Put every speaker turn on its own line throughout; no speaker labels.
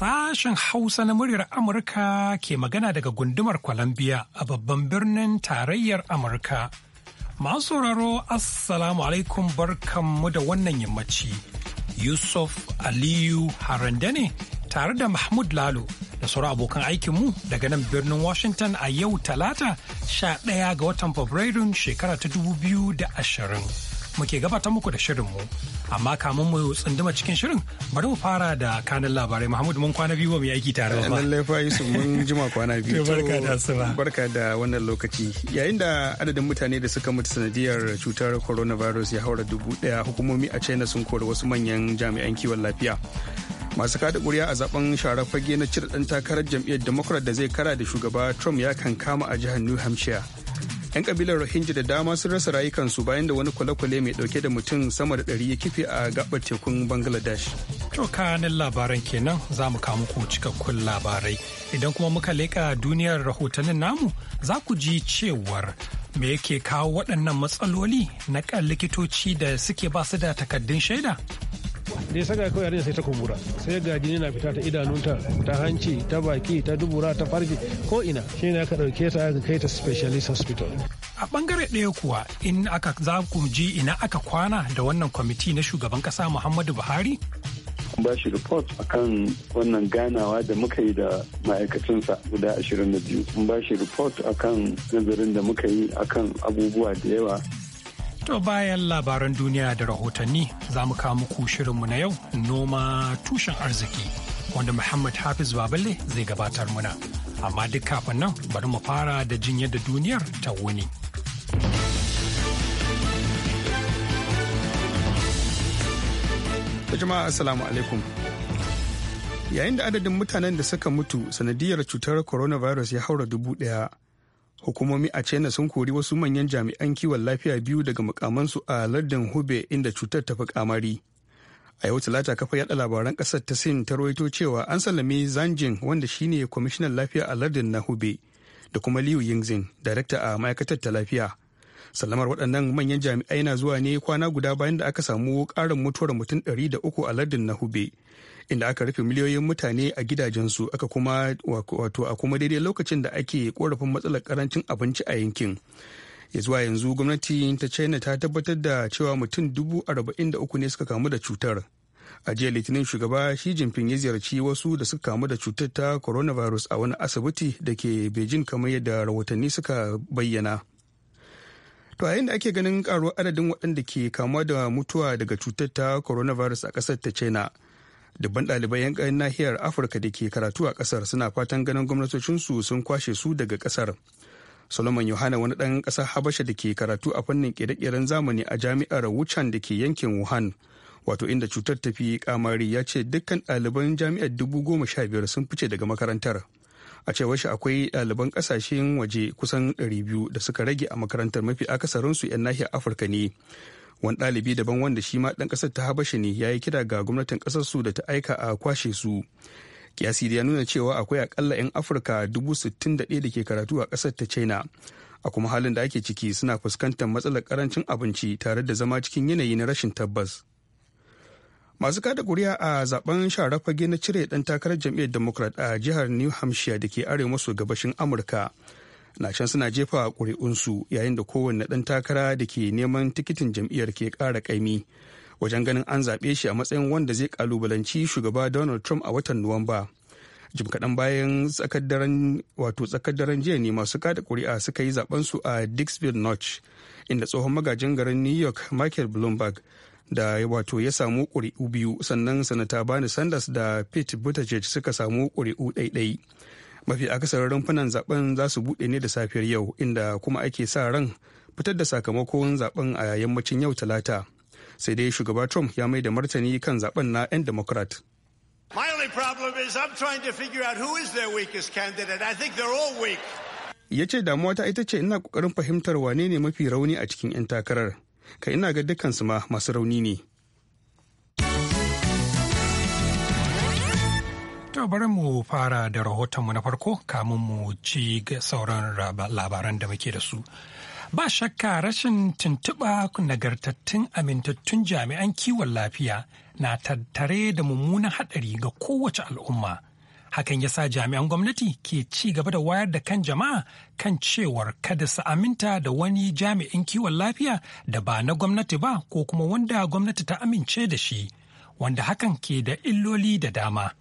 sashen Hausa na muryar Amurka ke magana daga gundumar Columbia a babban birnin tarayyar Amurka. Masu sauraro Assalamu alaikum barkanmu da wannan yammaci. Yusuf Aliyu Harande ne tare da Mahmud Lalo da sauran abokan aikinmu daga nan birnin Washington a yau talata 11 ga watan Fabrairun shekara ta 2020. muke gabatar muku da shirin mu Amma kamun mu tsunduma cikin shirin bari mu fara da kanan labarai Muhammad mun kwana biyu mu yi aiki tare ba. nan eh,
fa Yusuf mun jima kwana biyu. To Barka da asuba. Barka da wannan lokaci. Yayin da adadin mutane da suka mutu sanadiyar cutar coronavirus ya haura dubu daya hukumomi a China sun kori wasu manyan jami'an kiwon lafiya. masu kada kuri'a a zaben sharar fage na cire dan takarar jam'iyyar democrat da zai kara da shugaba trump ya kan kama a jihar new hampshire 'yan kabilar rohingya da dama sun rasa rayukansu bayan da wani kwale-kwale mai dauke da mutum sama da ɗari ya kife a gabar tekun bangladesh
to kanin labaran kenan za mu kawo muku cikakkun labarai idan kuma muka leka duniyar rahotannin namu za ku ji cewar me yake kawo waɗannan matsaloli na kan likitoci da suke ba su da takaddun shaida
da ya saka kawai yarinya sai ta kumbura sai ga jini na fita ta idanunta ta hanci ta baki ta dubura ta farji ko ina shi ne aka dauke ta ga kai ta specialist hospital
a bangare ɗaya kuwa in aka za ku ji ina aka kwana da wannan kwamiti na shugaban kasa muhammadu buhari
ba shi report akan wannan ganawa da muka yi da ma'aikacinsa guda 22 biyu ba shi report akan nazarin da muka yi akan abubuwa da yawa
To bayan labaran duniya da rahotanni za mu kawo muku shirinmu na yau noma tushen arziki wanda Muhammad Hafiz Baballe zai gabatar muna. Amma duk kafin nan bari mu fara da jin yadda duniyar ta wuni.
Jama'a Assalamu alaikum. Yayin da adadin mutanen da suka mutu sanadiyar cutar coronavirus ya haura dubu ɗaya. hukumomi a china sun kori wasu manyan jami'an kiwon lafiya biyu daga mukamansu a lardin hube inda cutar ta fi kamari a yau talata kafa yada labaran kasar ta sin ta rawaito cewa an sallame zanjin wanda shine kwamishinan lafiya a lardin na hube da kuma liu yingzin darakta a ma'aikatar ta lafiya sallamar waɗannan manyan jami'ai na zuwa ne kwana guda bayan da aka samu ƙarin mutuwar mutum ɗari da uku a lardin na hube inda aka rufe miliyoyin mutane a gidajensu aka kuma wato a kuma daidai lokacin da ake korafin matsalar karancin abinci a yankin ya zuwa yanzu gwamnati ta china ta tabbatar da cewa mutum dubu arba'in da uku ne suka kamu da cutar a jiya litinin shugaba shi jinping ya ziyarci wasu da suka kamu da cutar ta coronavirus a wani asibiti da ke beijing kamar yadda rahotanni suka bayyana To a da ake ganin karuwar adadin waɗanda ke kamuwa da mutuwa daga cutar ta coronavirus a ƙasar ta China, dubban ɗalibai 'yan nahiyar afirka da ke karatu a ƙasar suna fatan ganin gwamnatocinsu sun kwashe su daga ƙasar solomon yohana wani ɗan ƙasar habasha da ke karatu a fannin ƙere-ƙeren zamani a jami'ar wuchan da ke yankin wuhan wato inda cutar ta fi kamari ya ce dukkan ɗaliban jami'ar dubu goma sha biyar sun fice daga makarantar a cewar shi akwai ɗaliban ƙasashen waje kusan biyu da suka rage a makarantar mafi akasarinsu 'yan nahiyar afirka ne wani ɗalibi daban wanda shi ma ɗan ƙasar ta habasha ne ya yi kira ga gwamnatin ƙasar su da ta aika a kwashe su kiyasi da ya nuna cewa akwai akalla 'yan afirka sittin da ke karatu a ƙasar ta china a kuma halin da ake ciki suna fuskantar matsalar karancin abinci tare da zama cikin yanayi na rashin tabbas masu kada kuri'a a zaben shara fage na cire dan takarar jam'iyyar democrat a jihar new hampshire da ke arewa maso gabashin amurka na can suna jefa ƙuri'unsu yayin da kowanne ɗan takara da ke neman tikitin jam'iyyar ke ƙara ƙaimi wajen ganin an zaɓe shi a matsayin wanda zai ƙalubalanci shugaba donald trump a watan nuwamba jim kaɗan bayan tsakar daren jiya ne masu kada ƙuri'a suka yi zaɓensu a dixville notch inda tsohon magajin garin new york michael bloomberg da wato ya samu ƙuri'u biyu sannan sanata bani sanders da pete buttigieg suka samu ƙuri'u ɗaiɗai mafi akasar rumfunan zaben za su buɗe ne da safiyar yau inda kuma ake sa ran fitar da sakamakon zaben a yammacin yau talata sai dai shugaba trump ya mai da martani kan zaben na 'yan democrat
My problem is figure out who is their candidate. I think all weak.
Ya ce damuwa ta ita ce ina kokarin fahimtar wane ne mafi rauni a cikin 'yan takarar. kai ina ga dukkansu ma masu rauni ne.
To bari mu fara da rahotonmu na farko kamun mu ci sauran labaran da muke da su. Ba shakka rashin tuntuɓa nagartattun amintattun jami'an kiwon lafiya na tattare da mummunan haɗari ga kowace al'umma. Hakan ya sa jami'an gwamnati ke ci gaba da wayar da kan jama'a kan cewar kada su aminta da wani jami'in kiwon lafiya da ba na gwamnati ba ko kuma wanda gwamnati ta amince da shi, wanda hakan ke da illoli da dama.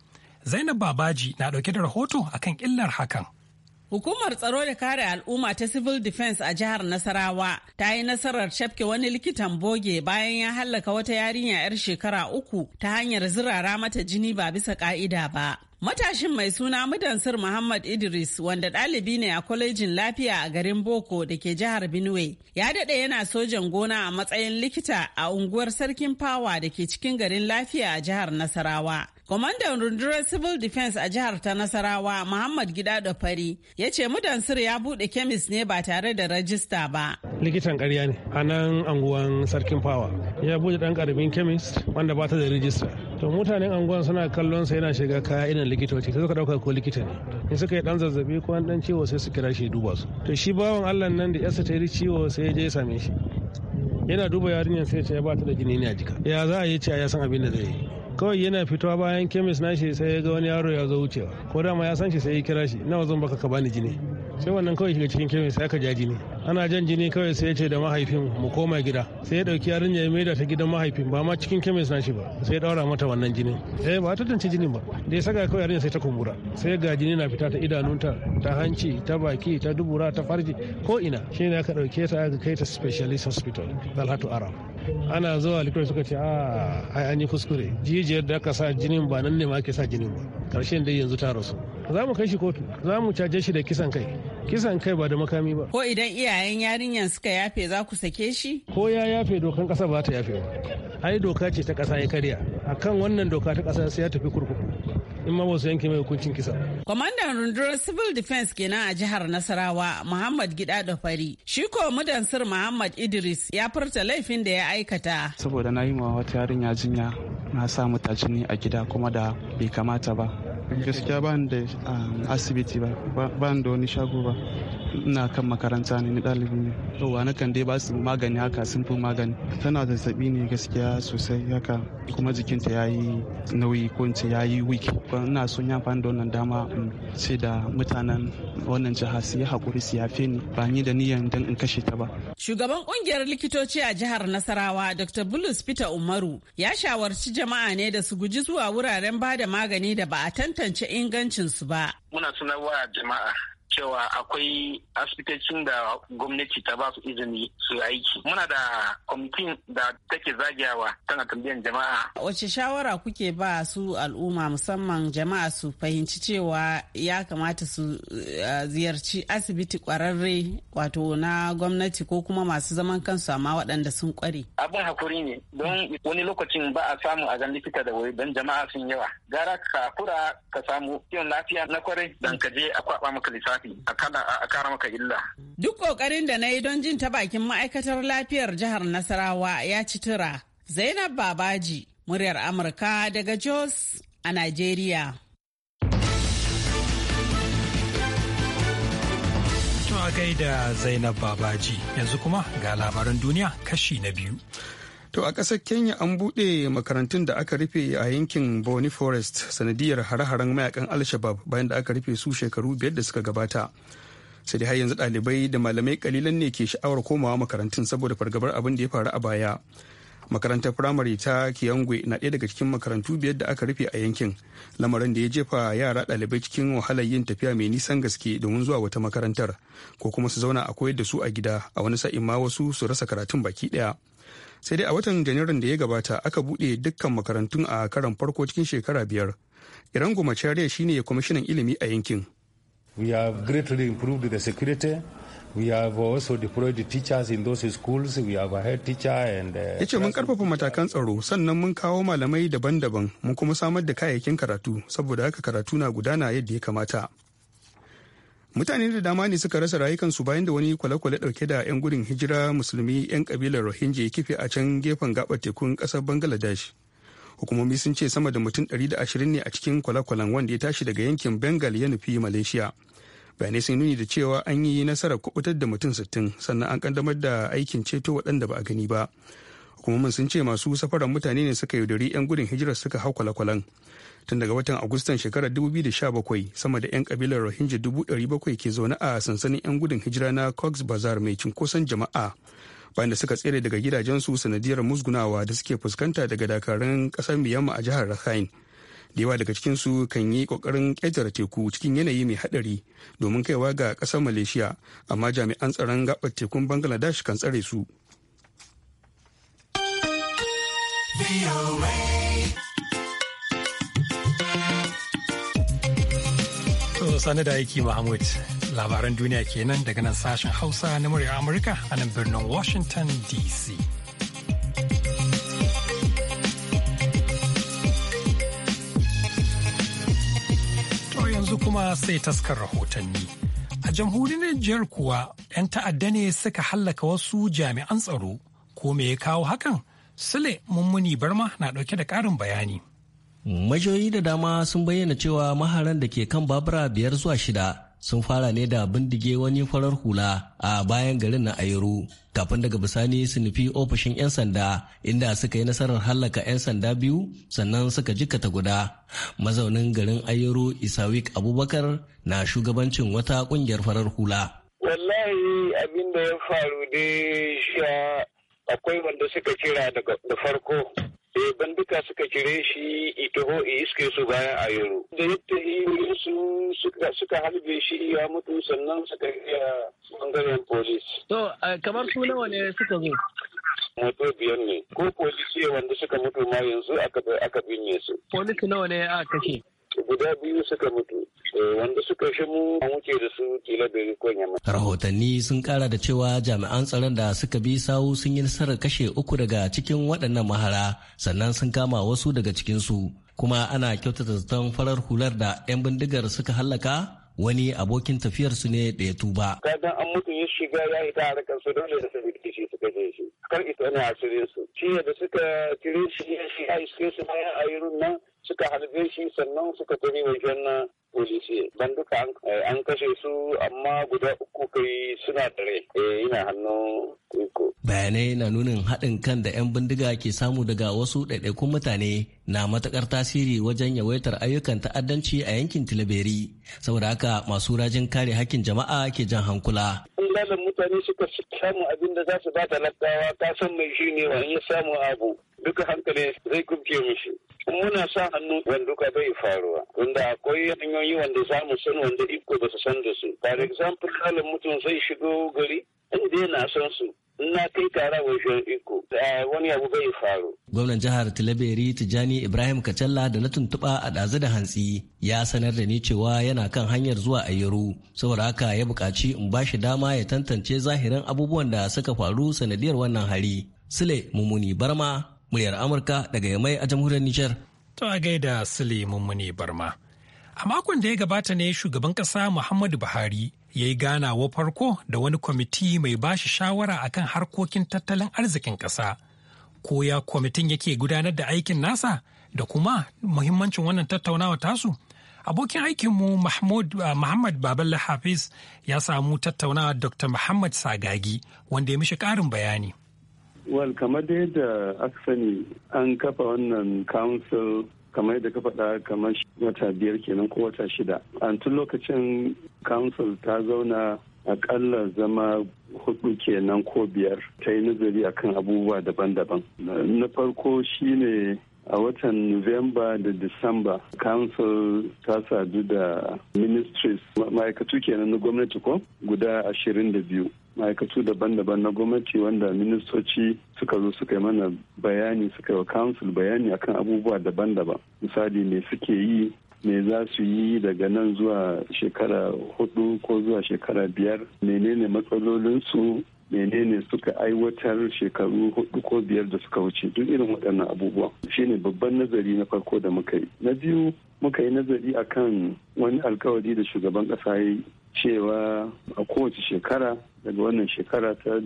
Zainab Babaji na ɗauke da rahoto akan illar hakan.
Hukumar tsaro da kare al'umma ta Civil Defense a jihar Nasarawa ta yi nasarar cafke wani likitan boge bayan ya hallaka wata yarinya 'yar shekara uku ta hanyar zirara mata jini ba bisa ka'ida ba. Matashin mai suna Mudansir Muhammad Idris wanda ɗalibi ne a kwalejin lafiya a garin Boko da ke jihar Benue ya daɗe yana sojan gona a matsayin likita a unguwar Sarkin Fawa da ke cikin garin lafiya a jihar Nasarawa. Kwamandan rundunar Civil Defense a jihar ta Nasarawa, Muhammad Gida da Fari, ya ce Mudansir ya buɗe kemis ne ba tare da rajista ba.
Likitan ƙarya ne a nan anguwan Sarkin Fawa. Ya buɗe ɗan ƙaramin kemis wanda ba ta da rajista. To mutanen anguwan suna kallon sa yana shiga kaya irin likitoci sai suka dauka ko likita ne in suka yi dan zazzabi ko an dan ciwo sai su kira shi duba su to shi bawan Allah nan da yasa ta yi ciwo sai ya je ya same shi yana duba yarinyar sai ya ce ya ba ta da jini ne a jika ya za a yi ce ya san abin da zai yi kawai yana fitowa bayan kemis nashi sai ya ga wani yaro ya zo wucewa ko dama ya san shi sai ya kira shi nawa zan baka ka bani jini sai wannan kawai shiga cikin kemis sai aka ja jini ana jan jini kawai sai ya ce da mahaifin mu koma gida sai ya dauki yarinya ya maida ta gidan mahaifin ba ma cikin kemis nashi ba sai ya daura mata wannan jini eh ba ta tantance jinin ba da ya saka kawai yarinya sai ta kumbura sai ga jini na fita ta idanunta ta hanci ta baki ta dubura ta farji ko ina shine aka dauke ta aka kai ta specialist hospital Dalhatu Aram ana zuwa likita suka ce a ah, ai an yi kuskure jijiyar da aka sa jinin ba nan ne ma ake sa jinin ba karshen dai yanzu ta rasu za mu kai shi kotu za mu caje shi da kisan kai kisan kai ba da makami ba
ko idan iyayen yarinyar suka yafe za ku sake shi
ko ya yafe dokan kasa ba ta yafe ba ai doka ce ta kasa ya karya akan wannan doka ta kasa sai ya tafi kurkuku in ma wasu yanke mai hukuncin kisa.
Kwamandan rundunar Civil Defense kenan a jihar Nasarawa Muhammad Gida da Fari. Shi ko mudan sir Muhammad Idris ya furta laifin da ya aikata.
Saboda na yi ma wata yarinya jinya na sa mata jini a gida kuma da bai kamata ba. Gaskiya ba da um, asibiti ba, ba da wani shago ba. ina kan makaranta ne ni ɗalibi ne yauwa na kan dai ba su magani haka sun fi magani tana zazzabi ne gaskiya sosai haka kuma jikinta ya yi nauyi ko in ce ya yi weak ina son ya fani da wannan dama in ce da mutanen wannan jiha su yi haƙuri su yafe ni ba ni da niyan dan in kashe ta ba.
Shugaban kungiyar likitoci a jihar Nasarawa Dr. Bulus Peter Umaru ya shawarci jama'a ne da su guji zuwa wuraren ba da magani da ba a tantance ingancinsu ba.
Muna sanarwa jama'a cewa akwai asibitocin da gwamnati ta ba su izini su aiki muna da
kwamitin da take zagayawa tana tambayan jama'a
wace shawara kuke ba su al'umma musamman jama'a su fahimci cewa ya kamata su eh, ziyarci asibiti kwararre wato na gwamnati ko kuma masu zaman kansu amma waɗanda sun kware
abin hakuri ne don wani lokacin ba a samu a gan likita da wuri don jama'a sun yawa gara ka kura ka samu kiwon lafiya na kwarai dan ka je a kwaba maka lissafi
rigakafi a kara maka illa.
Duk ƙoƙarin da na yi don jin ta bakin ma'aikatar lafiyar jihar Nasarawa ya ci tura. Zainab Babaji, muryar Amurka daga Jos a Najeriya.
Tun a gaida Zainab Babaji, yanzu kuma ga labaran duniya kashi na biyu.
To a ƙasar Kenya an buɗe makarantun da aka rufe a yankin Boni Forest sanadiyar hare-haren mayakan al bayan da aka rufe su shekaru biyar da suka gabata. Sai dai har yanzu ɗalibai da malamai kalilan ne ke sha'awar komawa makarantun saboda fargabar abin da ya faru a baya. Makarantar firamare ta Kiyangwe na ɗaya daga cikin makarantu biyar da aka rufe a yankin, lamarin da ya jefa yara ɗalibai cikin wahalar yin tafiya mai nisan gaske domin zuwa wata makarantar, ko kuma su zauna a koyar da su a gida a wani sa'in ma wasu su rasa karatun baki ɗaya. sai dai a watan janairun da ya gabata aka bude dukkan makarantun a karan farko cikin shekara biyar iran shine kwamishinan ilimi a yankin we have greatly
improved the security We have also in those schools. We have a
head uh, Ya
ce mun karfafa matakan tsaro sannan mun kawo malamai daban-daban mun kuma samar da kayayyakin karatu saboda haka karatu na gudana yadda ya kamata. mutane da dama ne suka rasa rayukansu bayan da wani kwale-kwale dauke da 'yan gudun hijira musulmi 'yan kabilar rohingya ya kife a can gefen gabar tekun kasar bangaladesh. hukumomi sun ce sama da mutum 120 ne a cikin kwale-kwalen wanda ya tashi daga yankin bengal ya nufi malaysia bayanai sun nuni da cewa an yi nasarar kubutar da mutum 60 sannan an kaddamar da aikin ceto waɗanda ba a gani ba hukumomin sun ce masu safarar mutane ne suka yaudari 'yan gudun hijirar suka hau kwale-kwalen tun daga watan agustan shekarar 2017 sama da 'yan kabilar rohingya 700 ke zaune a sansanin 'yan gudun hijira na cox bazar mai cinkoson jama'a bayan da suka tsere daga gidajensu sanadiyar musgunawa da suke fuskanta daga dakarun kasar miyamma a jihar rakhine da yawa daga cikinsu kan yi kokarin ƙetare teku cikin yanayi mai haɗari domin kaiwa ga ƙasar malaysia amma jami'an tsaron gaɓar tekun bangladesh kan tsare su.
sani da aiki Mahmud labaran duniya kenan daga nan sashen Hausa na murya Amurka a nan birnin Washington DC. To yanzu kuma sai taskar rahotanni. A jamhuriyar Nijar kuwa 'yan ta'adda ne suka hallaka wasu jami'an tsaro. Ko me ya kawo hakan? Sule Mummuni Barma na ɗauke da ƙarin bayani.
majoyi da dama sun bayyana cewa maharan da ke kan babura biyar zuwa shida sun fara ne da bindige wani farar hula a bayan garin na ayuru kafin daga bisani su nufi ofishin 'yan sanda inda suka yi nasarar hallaka 'yan sanda biyu sannan suka jikata guda mazaunin garin ayuru isawik abubakar na shugabancin wata kungiyar farar hula wallahi abin da ya faru dai sha
akwai wanda suka kira da farko sai banduka suka kire shi itaho
e iske su bayan a yaro da yadda wurin su suka harbe shi ya mutu sannan suka iya bangaren polis
to kamar su nawa ne suka zo
moto biyar ne ko polisi wanda suka mutu ma yanzu aka binne su
polisi
nawa ne aka kashe guda biyu suka mutu eh, wanda suka shimu an wuce da su kila da rikon yamma. Rahotanni sun kara da cewa jami'an tsaron da suka bi sawu sun yi nasarar kashe uku daga cikin waɗannan mahara sannan sun kama wasu daga cikinsu kuma ana kyautata zaton farar hular da 'yan bindigar suka hallaka wani abokin tafiyarsu ne da ya tuba.
Kadan an mutu ya shiga ya yi tare kansu dole da su bi rikici suka je shi. Kar ita ne a cire su. Shi da suka cire shi ya shi a su bayan a yi nan suka harbe shi sannan suka tafi wajen eh, polisi Ban duka eh, an kashe su amma guda uku kai suna dare yana eh, hannun
iko. Bayanai na nunin haɗin kan da 'yan bindiga ke samu daga wasu ɗaiɗaikun mutane na matakar tasiri wajen yawaitar ayyukan ta'addanci a yankin Tilaberi. Saboda haka masu rajin kare hakkin jama'a ke jan hankula.
mutane suka samu abin da za su ba talakawa ta san mai shi ne wani ya samu abu. duka hankali zai kubce mishi muna sa hannu wanduka bai faruwa tunda akwai hanyoyi wanda za mu san wanda iko ba su san da su for example halin mutum zai shigo gari inda yana san su na kai kara wajen iko wani abu bai faru.
Gwamnan jihar Tilaberi Tijjani Ibrahim Kacalla da na tuntuɓa a ɗazu da hantsi ya sanar da ni cewa yana kan hanyar zuwa Ayyaru saboda haka ya buƙaci in ba shi dama ya tantance zahirin abubuwan da suka faru sanadiyar wannan hari. Sule Mumuni Barma muryar Amurka daga Yamai a jamhuriyar Nijar. To a gaida
Sule Mummuni Barma. A makon da ya gabata ne shugaban ƙasa Muhammadu Buhari ya yi ganawa farko da wani kwamiti mai bashi shawara akan harkokin tattalin arzikin ƙasa. Ko ya kwamitin yake gudanar da aikin nasa da kuma muhimmancin wannan tattaunawa tasu? Abokin aikinmu ah, Muhammad Baballa Hafiz ya samu tattaunawa Dr. Muhammad Sagagi wanda ya mishi ƙarin bayani.
Wal kamar da yadda aka sani an kafa wannan council kamar yadda ka faɗa kamar wata biyar kenan ko wata shida. An tun lokacin council ta zauna akalla zama hudu kenan ko biyar ta yi nazari akan abubuwa daban-daban. Na farko shine a watan Nuwamba da Disamba, Council ta sadu da ministries ma'aikatu kenan na gwamnati ko guda ashirin da biyu. ma'aikatu daban-daban na gwamnati wanda ministoci suka zo suka yi mana bayani suka yi wa council bayani akan abubuwa daban-daban misali me suke yi me za su yi daga nan zuwa shekara hudu ko zuwa shekara biyar menene matsalolinsu menene suka aiwatar shekaru hudu ko biyar da suka wuce duk irin waɗannan abubuwa shine babban nazari na farko da muka yi na biyu muka yi nazari akan wani alkawari da shugaban ƙasa ya cewa a kowace shekara daga wannan shekara ta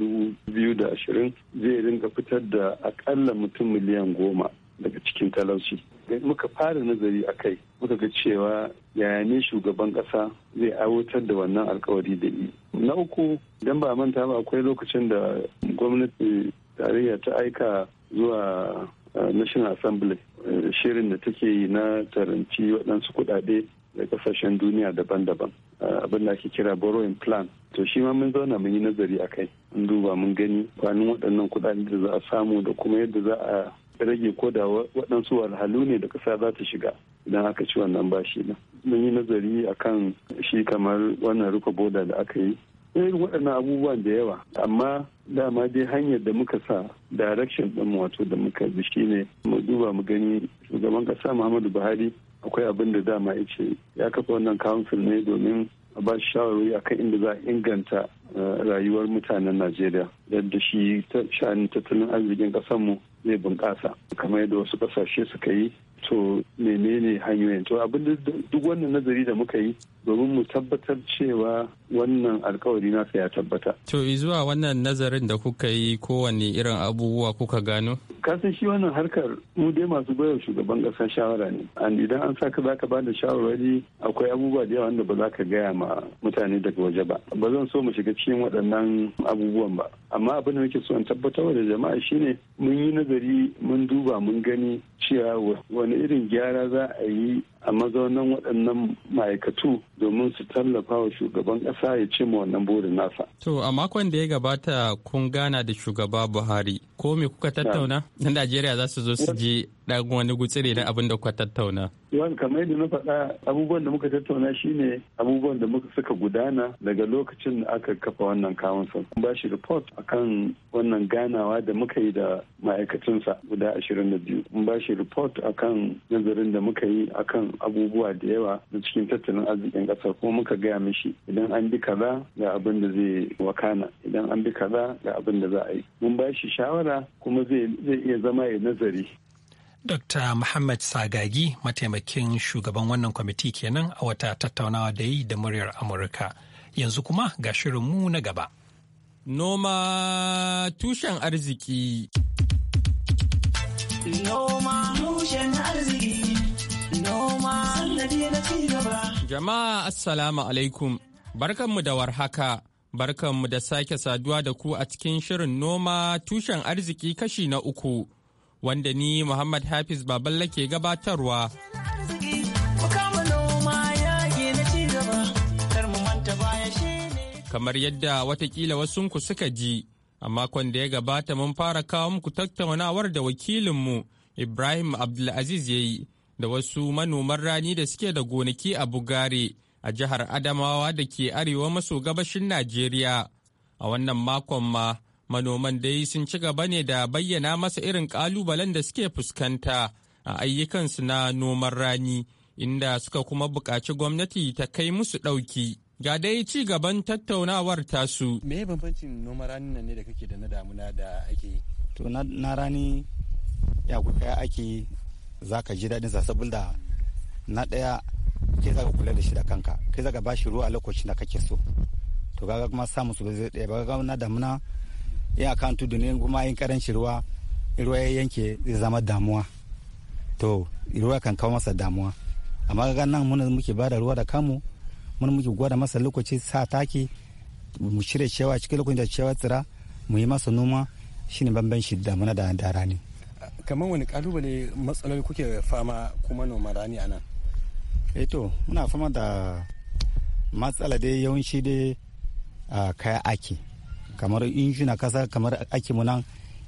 biyu da ashirin zai ringa fitar da akalla mutum miliyan goma daga cikin talauci muka fara nazari a kai muka ga cewa yaya ne shugaban kasa zai aiwatar da wannan alkawari da yi na uku idan ba manta ba akwai lokacin da gwamnati tarayya ta aika zuwa national assembly eh, shirin da take yi na taranci waɗansu kuɗaɗe da kasashen duniya daban-daban eh, abin da ake kira borrowing plan to shi ma mun zauna mun yi nazari a kai mun duba mun gani kwanin waɗannan kuɗaɗe da za a samu da kuma yadda za a rage ko da waɗansu wahalhalu ne da ƙasa za ta shiga idan aka ci wannan bashi na mun yi nazari akan shi kamar wannan rufe boda da aka yi irin waɗannan abubuwan da yawa amma dama dai hanyar da muka sa direction ɗin wato da muka bi shine mu duba mu gani shugaban ƙasa muhammadu buhari akwai abin da dama ya ce ya kafa wannan council ne domin a ba shi shawarwari akan inda za a inganta eh, rayuwar mutanen najeriya yadda shi ta sha'anin tattalin arzikin ƙasarmu zai bunƙasa kamar yadda wasu ƙasashe suka yi to menene hanyoyin to abin duk wannan nazari da muka yi domin mu tabbatar cewa wannan alkawari nasa ya tabbata
to zuwa wannan nazarin da kuka yi kowanne irin abubuwa kuka gano
kasan shi wannan harkar mu dai masu bayar shugaban kasa shawara ne an idan an saka za ka bada shawarwari akwai abubuwa da yawa wanda ba za ka gaya ma mutane daga waje ba ba zan so mu shiga cikin waɗannan abubuwan ba amma abin da muke so in tabbatar da jama'a shine mun yi nazari mun duba mun gani cewa wani irin gyara za a yi a mazaunan waɗannan ma'aikatu domin su tallafa wa shugaban ƙasa ya
ce ma wannan burin nasa. To a makon da ya gabata kun gana da shugaba Buhari ko me kuka tattauna? Na Najeriya za su zo su je ɗan wani gutsire na abin da kuka tattauna.
Yawan kamar yadda na faɗa abubuwan da muka tattauna shine abubuwan da muka suka gudana daga lokacin da aka kafa wannan kawunsa. Mun ba shi report akan wannan ganawa da muka yi da ma'aikacinsa guda ashirin da biyu. ba shi report akan nazarin da muka yi akan abubuwa da yawa na cikin tattalin arzikin ƙasar kuma muka gaya mishi idan an bi kaza ga abin da zai wakana idan an bi kaza ga abin da za a yi mun ba shi shawara kuma zai iya zama ya nazari
Dr. Muhammad Sagagi mataimakin shugaban wannan kwamiti kenan a wata tattaunawa da yi da muryar Amurka. Yanzu kuma ga shirin mu na gaba. Noma Noma tushen arziki.
Jama'a Assalamu alaikum, barkanmu da warhaka, barkanmu da sake saduwa da ku a cikin shirin noma tushen arziki kashi na uku, wanda ni Muhammad Hafiz Baballa ke gabatarwa. Kamar yadda watakila wasunku suka ji, a makon da ya gabata mun fara kawo muku tattaunawar da wakilinmu Ibrahim Abdulaziz ya yi. da wasu manoman rani da suke da gonaki a Bugare a jihar Adamawa da ke arewa maso gabashin Najeriya. A wannan makon ma, manoman dai sun ci gaba ne da bayyana masa irin kalubalen da suke fuskanta a ayyukansu na noman rani, inda suka kuma buƙaci gwamnati ta kai musu ɗauki. Ga dai ci gaban tattaunawar tasu.
Me bambancin noman rani nan ne da kake da na damuna da ake
To na rani ya ake za ka ji daɗinsa saboda na ɗaya ke za ka kula da shi da kanka kai za ka ba shi ruwa a lokacin da kake so to ga kuma samun su zai ɗaya ba ga na damuna in a kan tudu ne kuma in karanci ruwa ruwa ya yanke zai zama damuwa to ruwa kan kawo masa damuwa amma ga nan mun muke ba ruwa da kanmu mun muke gwada masa lokaci sa taki mu shirya cewa cikin lokacin da cewa tsira mu yi masa noma shine bambanci damuna da rani. kamar wani kalubale matsaloli kuke fama kuma noma rani a nan eh to muna fama da matsala dai yawanci dai a kaya ake kamar inji na kasa kamar ake munan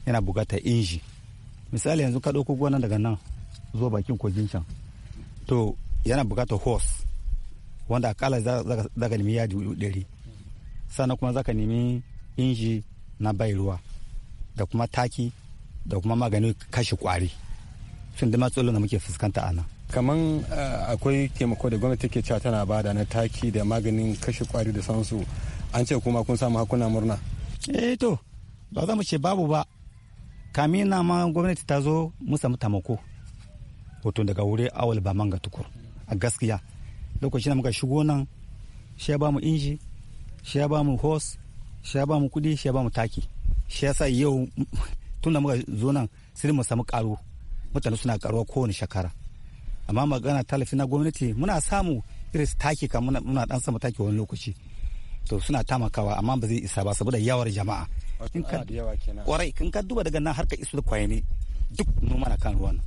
yana bukatar inji misali yanzu ka ɗauko gonan daga nan zuwa bakin kogin can to yana bukatar horse wanda akala za ka nemi yadi ɗari sannan kuma za ka nemi inji na bai ruwa da kuma taki da kuma maganin kashe kwari sun da matsalolin da muke fuskanta a nan kaman eh, akwai taimako da gwamnati ke cewa tana bada na taki da maganin kashe kwari da sansu an ce kuma kun samu hakuna murna eh to ba za mu ce babu ba kamin na ma gwamnati ta zo mu samu taimako hoto daga wuri awal ba manga tukur a gaskiya lokacin da muka shigo nan shi ya bamu inji shi ya bamu hos shi ya bamu kudi shi ya bamu taki shi ya sa yau tunda muka zo nan sai mu samu karo mutane suna karuwa kowane shekara amma magana talafi na gwamnati muna samu irin taki kan muna dan sama taki wani lokaci to suna tamakawa amma ba zai isa ba saboda yawar jama'a kwarai kin ka duba daga nan har ka isu ne duk noma na kan ruwan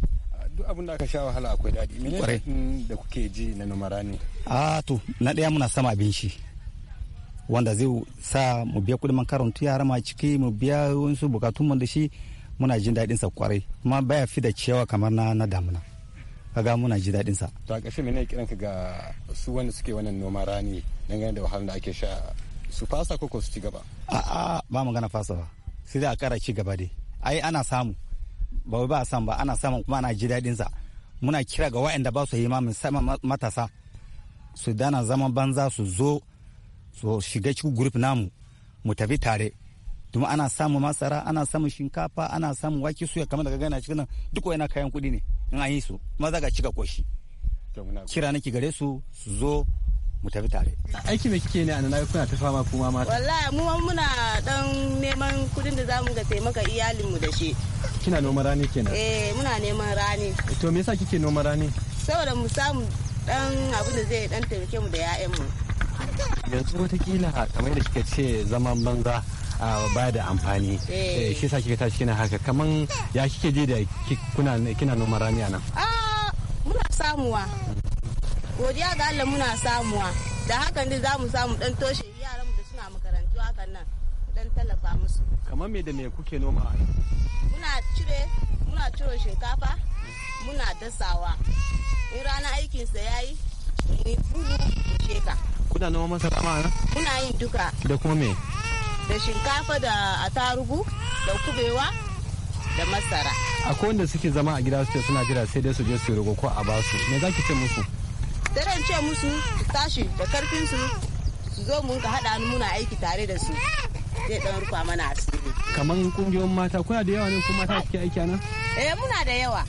duk abin da aka sha wahala akwai dadi menene da kuke ji na numara ne a ah, to na daya muna sama abin shi wanda zai sa mu biya kudin makarantu yara ma ciki mu biya wasu bukatun mu da shi muna jin daɗin sa kwarai kuma baya fi da cewa kamar na na damuna kaga muna jin daɗin sa to a ƙarshe menene kiranka ga su wanda suke wannan noma rani dangane da wahalar da ake sha su fasa ko ko su ci gaba a'a ba gana fasa ba sai dai a kara ci gaba dai ai ana samu ba ba a samu ba ana samun kuma ana ji daɗin sa muna kira ga wa'anda ba su yi ma matasa su dana zaman banza su zo so shiga cikin group namu mu tafi tare kuma ana samun masara ana samun shinkafa ana samun wake suya kamar daga gana cikin nan duk wani kayan kuɗi ne in an yi su kuma za ka cika koshi kira nake gare su su zo mu tafi tare aiki me kike ne a nan kuna ta fama kuma mata
wallahi mu muna dan neman kuɗin da zamu ga taimaka iyalinmu da shi
kina noman rani kenan eh
muna neman rani
to me yasa kike noman rani
saboda mu samu dan abu da zai dan taimake mu da mu.
yanzu watakila kamar da kika ce zaman banza ba da amfani eh. Eh, shi sa kika tashi kina haka
kaman ya kike je da kina noman rani a
muna samuwa godiya ga Allah muna samuwa da hakan ne za mu samu dan toshe mu da suna makarantu hakan nan dan tallafa musu kamar me da me kuke noma a muna cire muna ciro shinkafa muna dasawa in rana aikinsa yayi ni bugu mu sheka
kuna noma masara ma na?
kuna yin duka da kuma me da shinkafa da atarugu da kubewa da masara
akwai wanda suke zama a gida suke suna jira sai dai su je su rogo ko a basu me za ki ce
musu
daren ce musu su tashi da karfin su su zo mun ka haɗa muna aiki tare da su zai dan rufa mana asiri
kaman kungiyoyin mata kuna da yawa ne kuma mata suke aiki nan
eh muna da yawa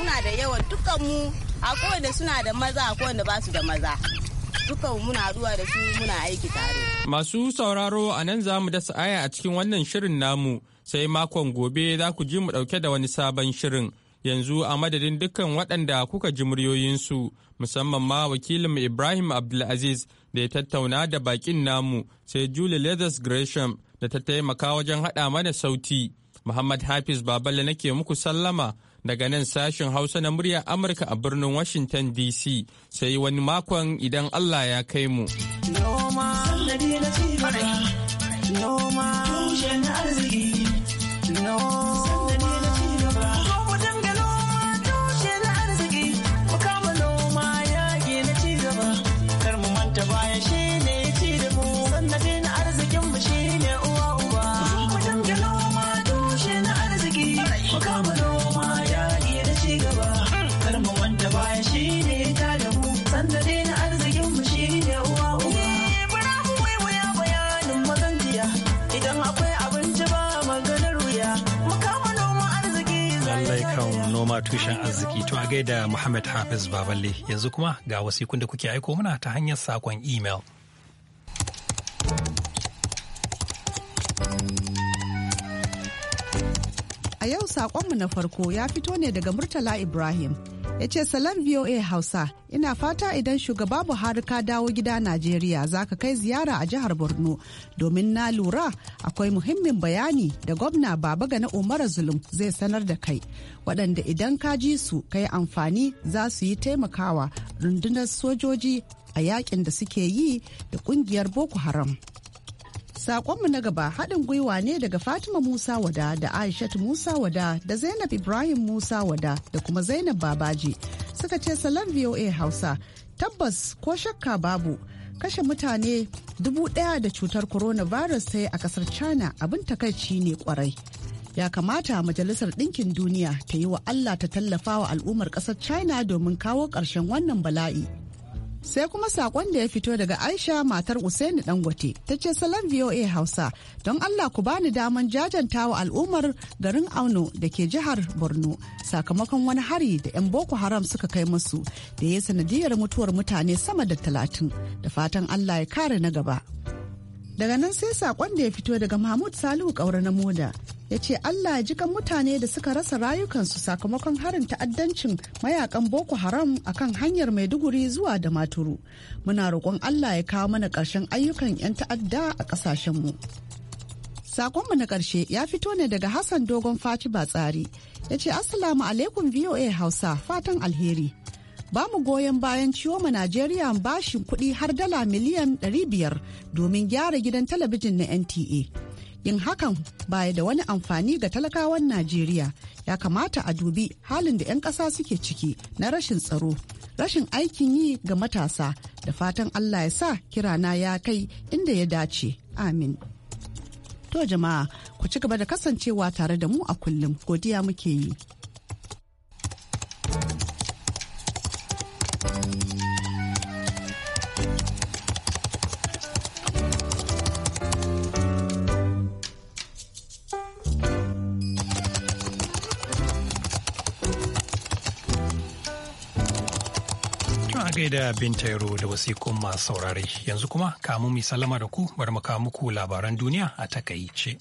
muna da yawa dukkan mu akwai wanda suna da maza akwai wanda ba su da maza dukan muna zuwa da su muna aiki tare.
Masu sauraro a nan za mu dasa aya a cikin wannan shirin namu sai makon gobe za ku ji mu ɗauke da wani sabon shirin. Yanzu a madadin dukkan waɗanda kuka ji muryoyinsu musamman ma wakilinmu Ibrahim Abdulaziz da ya tattauna da baƙin namu sai Julie Leathers Gresham da ta taimaka wajen haɗa mana sauti. Muhammad Hafiz Baballe nake muku sallama daga nan sashen Hausa na muryar Amurka a birnin Washington DC sai wani makon idan Allah ya kai mu.
tushen arziki to a gaida Muhammad Hafiz Baballe yanzu kuma ga wasikun da kuke aiko mana ta hanyar sakon email.
A yau sakonmu na farko ya fito ne daga Murtala Ibrahim ya ce salam voa hausa ina fata idan shugaba buhari ka dawo gida najeriya za ka kai ziyara a jihar borno domin na lura akwai muhimmin bayani da gwamna baba gana umara zulum zai sanar da kai waɗanda idan ka ji su ka yi amfani za su yi taimakawa rundunar sojoji a yakin da suke yi da ƙungiyar boko haram Sakonmu na gaba haɗin gwiwa ne daga Fatima Musa Wada da Aishat Musa Wada da Zainab Ibrahim Musa Wada da kuma Zainab Babaji suka ce salon VOA Hausa tabbas ko shakka babu kashe mutane dubu ɗaya da cutar coronavirus ta yi a ƙasar China abin takaici ne kwarai. Ya kamata Majalisar Ɗinkin Duniya ta yi wa Allah ta tallafa wa al'ummar ƙasar China domin kawo ƙarshen wannan bala'i. sai kuma sakon da ya fito daga aisha matar usaini dangote ta ce salon voa hausa don allah ku bani daman jajanta wa al'ummar garin auno da ke jihar borno sakamakon wani hari da 'yan boko haram suka kai musu da ya sanadiyar mutuwar mutane sama da talatin da fatan allah ya kare na gaba daga nan sai sakon da ya fito daga mahmud salihu kaura na moda ya ce Allah Ya ji kan mutane da suka rasa rayukansu sakamakon harin ta'addancin mayakan Boko Haram a kan hanyar Maiduguri zuwa da maturu. Muna roƙon Allah ya kawo mana ƙarshen ayyukan 'yan ta'adda a ƙasashenmu. Sakonmu na ƙarshe ya fito ne daga Hassan Dogon Faci tsari. ya ce Assalamu alaikum VOA Hausa fatan alheri. Ba mu goyon bayan ciwo ma Najeriya bashin kuɗi har dala miliyan 500 domin gyara gidan talabijin na NTA. yin hakan baya da wani amfani ga talakawan najeriya ya kamata a dubi halin da 'yan ƙasa suke ciki na rashin tsaro rashin aikin yi ga matasa da fatan allah ya sa kirana ya kai inda ya dace amin to jama'a ku ci gaba da kasancewa tare da mu a kullum godiya muke yi
da Binta Yaro da wasikun masu saurari yanzu kuma kamun mai salama da ku bari mu kawo muku labaran duniya a takaice.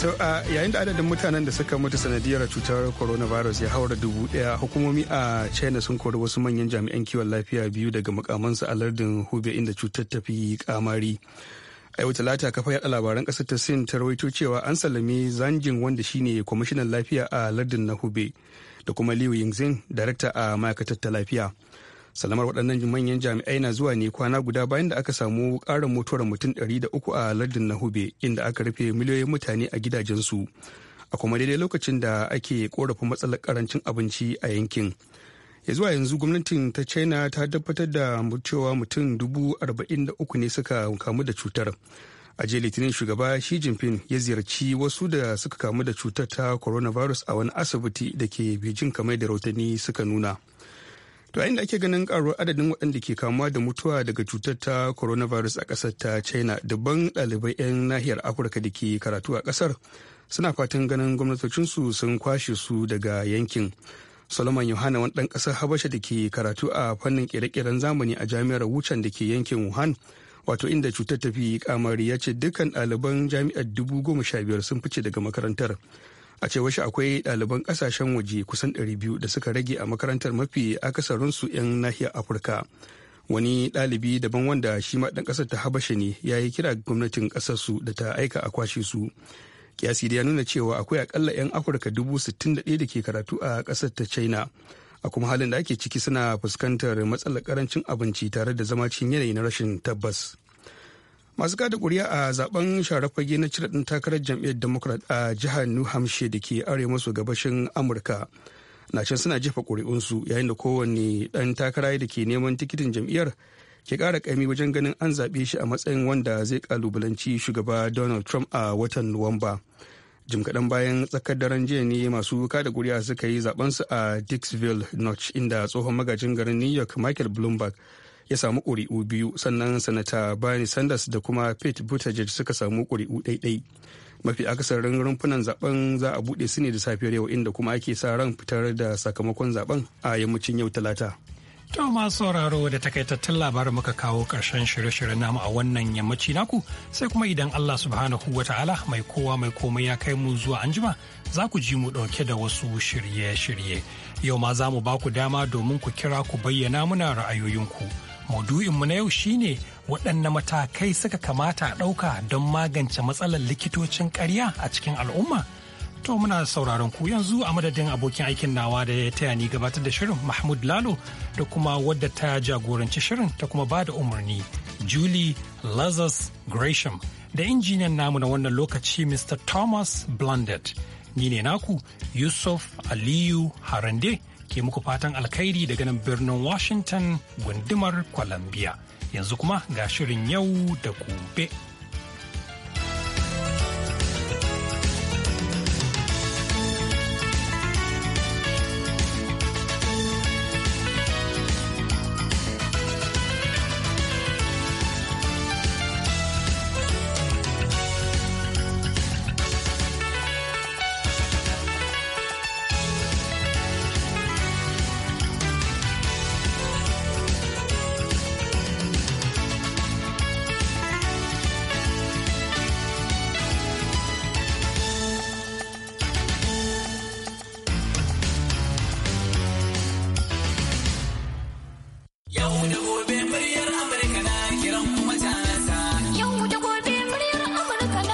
to a yayin da adadin mutanen da suka mutu sanadiyar cutar coronavirus ya haura dubu daya hukumomi a china sun kori wasu manyan jami'an kiwon lafiya biyu daga mukamansu a lardin hubei inda cutar ta kamari a yau talata kafa yada labaran kasar ta sin ta rawaito cewa an sallame zanjin wanda shine kwamishinan lafiya a lardin na hube da kuma liu yingzin darakta a ma'aikatar ta lafiya salamar waɗannan manyan jami'ai na zuwa ne kwana guda bayan da aka samu ƙarin mutuwar mutum ɗari da uku a lardin na hube inda aka rufe miliyoyin mutane a gidajensu a kuma daidai lokacin da ake korafin matsalar karancin abinci a yankin ya zuwa yanzu gwamnatin ta china ta tabbatar da cewa mutum dubu arba'in da uku ne suka kamu da cutar a jiya litinin shugaba shi jinping ya ziyarci wasu da suka kamu da cutar ta coronavirus a wani asibiti da ke beijing kamar da rautani suka nuna to inda ake ganin karuwar adadin waɗanda ke kamuwa da mutuwa daga cutar ta coronavirus a ƙasar ta china dubban ɗalibai 'yan nahiyar afirka da ke karatu a ƙasar suna fatan ganin gwamnatocinsu sun kwashe su daga yankin solomon yohana wani ɗan ƙasar habasha da ke karatu a fannin ƙere-ƙeren zamani a jami'ar wucan da ke yankin wuhan wato inda cutar ta fi kamari ya ce dukkan ɗaliban jami'ar dubu goma sha biyar sun fice daga makarantar a ce shi akwai ɗaliban ƙasashen waje kusan ɗari biyu da suka rage a makarantar mafi akasarinsu 'yan nahiyar afirka wani ɗalibi daban wanda shi ma ɗan ƙasar ta habasha ne ya yi kira gwamnatin ƙasarsu da ta aika a kwashe su kiyasi da ya nuna cewa akwai akalla 'yan afirka dubu sittin da da ke karatu a ƙasar ta china a kuma halin da ake ciki suna fuskantar matsalar karancin abinci tare da zama cikin yanayi na rashin tabbas masu kada kuri'a a zaben sharafage fage na cire din takarar jam'iyyar democrat a jihar new hampshire da ke arewa maso gabashin amurka na can suna jefa su yayin da kowanne ɗan takara da ke neman tikitin jam'iyyar ke kara kaimi wajen ganin an zaɓe shi a matsayin wanda zai ƙalubalanci shugaba donald trump a watan nuwamba jim kaɗan bayan tsakar daren jiya ne masu kada kuri'a suka yi zaɓensu a dixville notch inda tsohon magajin garin new york michael bloomberg ya samu ƙuri'u biyu sannan sanata bernie sanders da kuma pete buttigieg suka samu ƙuri'u ɗaiɗai mafi akasarin rumfunan zaben za a buɗe su ne da safiyar yau inda kuma ake sa ran fitar da sakamakon zaben a yammacin yau talata
To masu sauraro da takaitattun labarin muka kawo ƙarshen shirye-shiryen namu a wannan yammaci naku sai kuma idan Allah subhanahu wa ta'ala mai kowa mai komai ya kai mu zuwa anjima za ku ji mu ɗauke da wasu shirye-shirye. Yau ma za mu ba ku dama domin ku kira ku bayyana muna ra'ayoyinku. Maudu'inmu na yau shine waɗanne matakai suka kamata a ɗauka don magance matsalar likitocin ƙarya a cikin al'umma. To muna sauraron ku yanzu a madadin abokin aikin nawa da ya taya ni gabatar da shirin Mahmud Lalo da kuma wadda ta jagoranci shirin ta kuma ba da umarni Julie Lazarus Gresham da injiniyan namu na wannan lokaci Mr. Thomas Blundet. Ni ne naku Yusuf Aliyu Harande ke muku fatan alkhairi daga nan birnin Washington gundumar Columbia. Yanzu kuma ga shirin yau da gobe.